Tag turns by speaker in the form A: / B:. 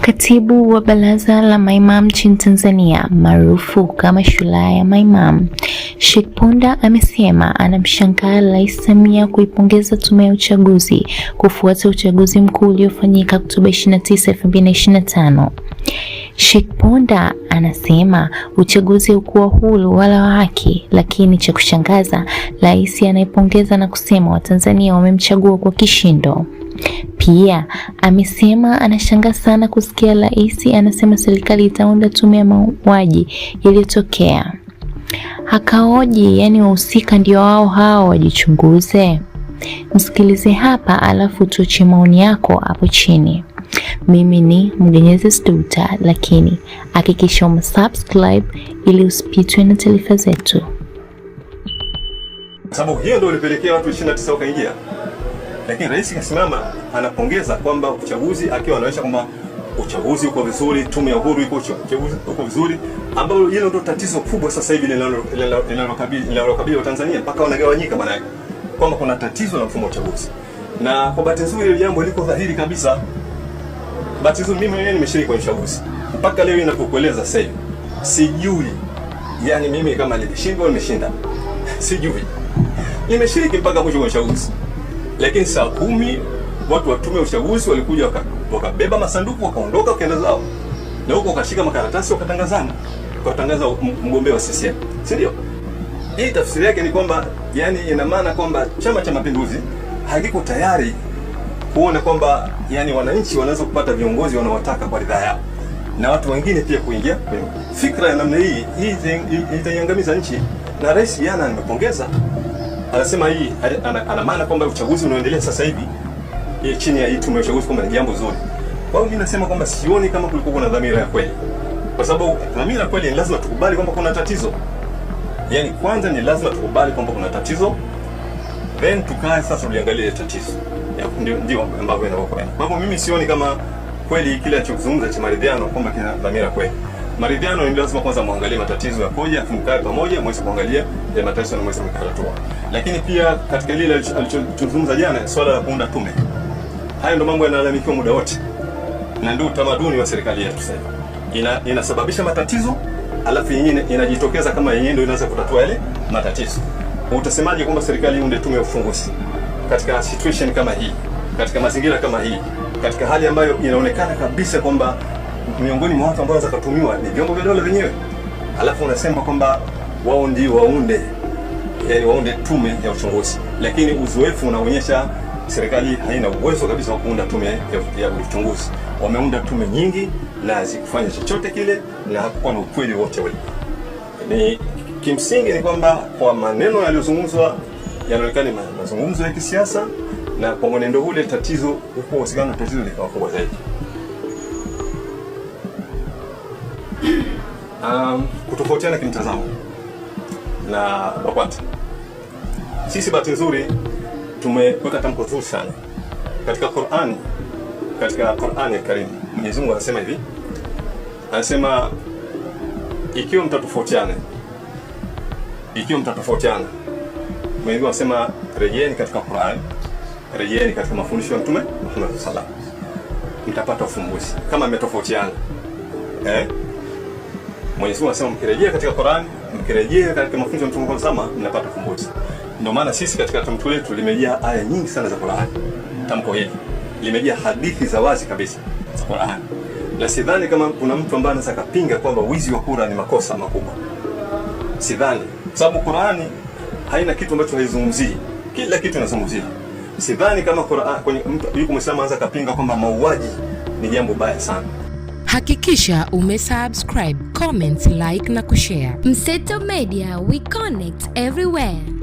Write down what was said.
A: Katibu wa Baraza la Maimamu nchini Tanzania maarufu kama shulaa ya Maimamu, Sheikh Ponda amesema anamshangaa Rais Samia kuipongeza Tume ya Uchaguzi kufuata uchaguzi mkuu uliofanyika Oktoba 29, 2025. Sheikh Ponda anasema uchaguzi ukuwa huru wala wa haki, lakini cha kushangaza rais anayepongeza na kusema Watanzania wamemchagua kwa kishindo. Pia amesema anashangaa sana kusikia rais anasema serikali itaunda tume ya mauaji yaliyotokea. Hakaoji, yaani wahusika ndio wao hao, wajichunguze. Msikilize hapa, alafu tuachie maoni yako hapo chini. Mimi ni Mgenyezi Stuta, lakini hakikisha umesubscribe ili usipitwe na taarifa zetu. Sababu hiyo ndio ilipelekea watu 29 wakaingia, lakini rais kasimama anapongeza kwamba uchaguzi, akiwa anaonyesha kwamba uchaguzi uko vizuri, tume ya uhuru iko uchaguzi uko vizuri, ambalo hilo ndio tatizo kubwa sasa hivi linalokabili Watanzania mpaka wanagawanyika, maana yake kwamba kuna tatizo la mfumo wa uchaguzi, na kwa bahati nzuri hilo jambo liko dhahiri kabisa batizo mimi mwenyewe nimeshiriki kwenye uchaguzi mpaka leo inapokueleza sasa hivi sijui, yani mimi kama nilishindwa nimeshinda, sijui. Nimeshiriki mpaka mwisho kwenye uchaguzi, lakini saa kumi watu wa tume ya uchaguzi walikuja wakabeba masanduku wakaondoka wakaenda zao, na huko wakashika makaratasi wakatangazana, wakatangaza mgombea wa CCM, si ndio? Hii tafsiri yake ni kwamba, yani ina maana kwamba Chama cha Mapinduzi hakiko tayari kuona kwamba yani wananchi wanaweza kupata viongozi wanaowataka kwa ridhaa yao na watu wengine pia kuingia kwenye fikra ya namna hii, hii itaiangamiza nchi. Na rais yana amepongeza, anasema hii ana maana kwamba uchaguzi unaoendelea sasa hivi e, chini ya hii tume ya uchaguzi kwamba ni jambo zuri. Kwa hiyo mimi nasema kwamba sioni kama kulikuwa kuna dhamira ya kweli, kwa sababu dhamira kweli ni lazima tukubali kwamba kuna tatizo. Yani kwanza ni lazima tukubali kwamba kuna tatizo then tukae sasa tuliangalia tatizo ndio ambavyo inavyokwenda. Kwa hivyo mimi sioni kama kweli kile alichozungumza cha maridhiano kwamba kina dhamira kweli. Maridhiano ni lazima kwanza muangalie matatizo yakoje, afu mkae pamoja mweze kuangalia ya eh, matatizo na mweze mkatatua. Lakini pia katika lile alichozungumza jana, swala la kuunda tume, haya ndio mambo yanalalamikiwa muda wote, na ndio utamaduni wa serikali yetu sasa. Ina, inasababisha matatizo alafu yenyewe inajitokeza kama yenyewe ndio inaweza kutatua yale matatizo utasemaje kwamba serikali iunde tume ya ufunguzi katika situation kama hii, katika mazingira kama hii, katika hali ambayo inaonekana kabisa kwamba miongoni mwa watu ambao watakatumiwa ni vyombo vya dola vyenyewe, alafu unasema kwamba wao ndio waunde, yani waunde tume ya uchunguzi, lakini uzoefu unaonyesha serikali haina uwezo kabisa wa kuunda tume ya uchunguzi. Wameunda tume nyingi na hazikufanya chochote kile na hakukuwa na ukweli wote ule. Ni Kimsingi ni kwamba kwa maneno yaliyozungumzwa yanaonekana ni mazungumzo ya kisiasa, na kwa mwenendo ule tatizo huko usikana tatizo likawa kubwa zaidi. Um, kutofautiana kimtazamo na BAKWATA. Sisi bahati nzuri tumeweka tamko zuri sana katika Qur'an, katika Qur'an ya Karim Mwenyezi Mungu anasema hivi, anasema ikiwa mtatofautiana ikiwa mtatofautiana. Mwenyewe wasema rejeeni katika Qur'an, rejeeni katika mafundisho ya Mtume Muhammad sallallahu mtapata ufumbuzi kama mmetofautiana. Eh? Mwenyezi Mungu mkirejea katika Qur'an, mkirejea katika mafundisho ya Mtume Muhammad sallallahu mnapata ufumbuzi. Ndio maana sisi katika tamko letu limejaa aya nyingi sana za Qur'an. Tamko hili limejaa hadithi za wazi kabisa za Qur'an. Na sidhani kama kuna mtu ambaye anaweza kupinga kwamba wizi wa kura ni makosa makubwa. Sidhani sababu Qur'ani haina kitu ambacho haizungumzii, kila kitu inazungumzia. Sidhani kama kwenye yuko Muislamu anaweza kapinga kwamba mauaji ni jambo baya sana. Hakikisha umesubscribe, comment, like na kushare. Mseto Media, we connect everywhere.